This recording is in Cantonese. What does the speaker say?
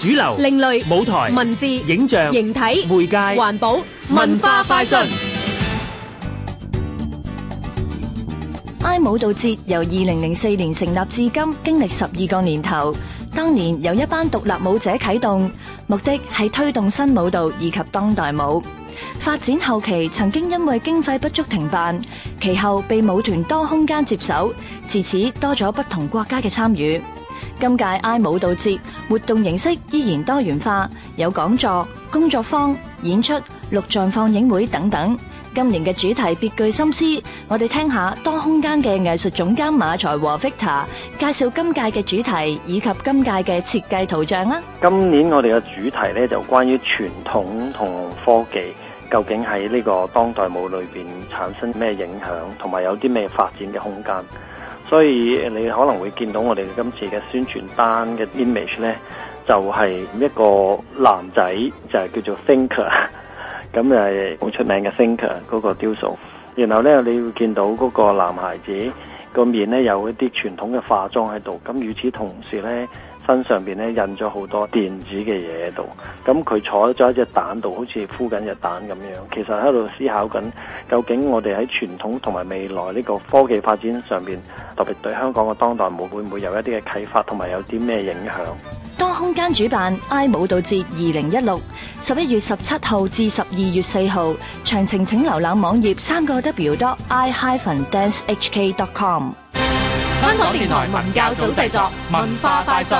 主流，另類，舞台，文字，影像，形體，媒介，環保，文化快訊。I 舞蹈節由二零零四年成立至今經歷十二個年頭。當年由一班獨立舞者啟動，目的係推動新舞蹈以及當代舞。今屆 I 舞蹈節活動形式依然多元化，有講座、工作坊、演出、錄像放映會等等。今年嘅主題別具心思，我哋聽下多空間嘅藝術總監馬才和 Victor 介紹今屆嘅主題以及今屆嘅設計圖像啦。今年我哋嘅主題咧就關於傳統同科技究竟喺呢個當代舞裏邊產生咩影響，同埋有啲咩發展嘅空間。所以你可能會見到我哋今次嘅宣傳單嘅 image 呢，就係一個男仔就係叫做 thinker，咁 就係好出名嘅 thinker 嗰個雕塑。然後呢，你會見到嗰個男孩子個面呢有一啲傳統嘅化妝喺度。咁與此同時呢，身上邊咧印咗好多電子嘅嘢喺度，咁佢坐咗喺隻蛋度，好似孵緊隻蛋咁樣。其實喺度思考緊，究竟我哋喺傳統同埋未來呢個科技發展上邊，特別對香港嘅當代舞會唔會有一啲嘅啟發，同埋有啲咩影響？多空間主辦 I 舞蹈節二零一六，十一月十七號至十二月四號，詳情請瀏覽網頁三個 W dot I hyphen dance hk dot com。香港電台文教組製作《文化快訊》。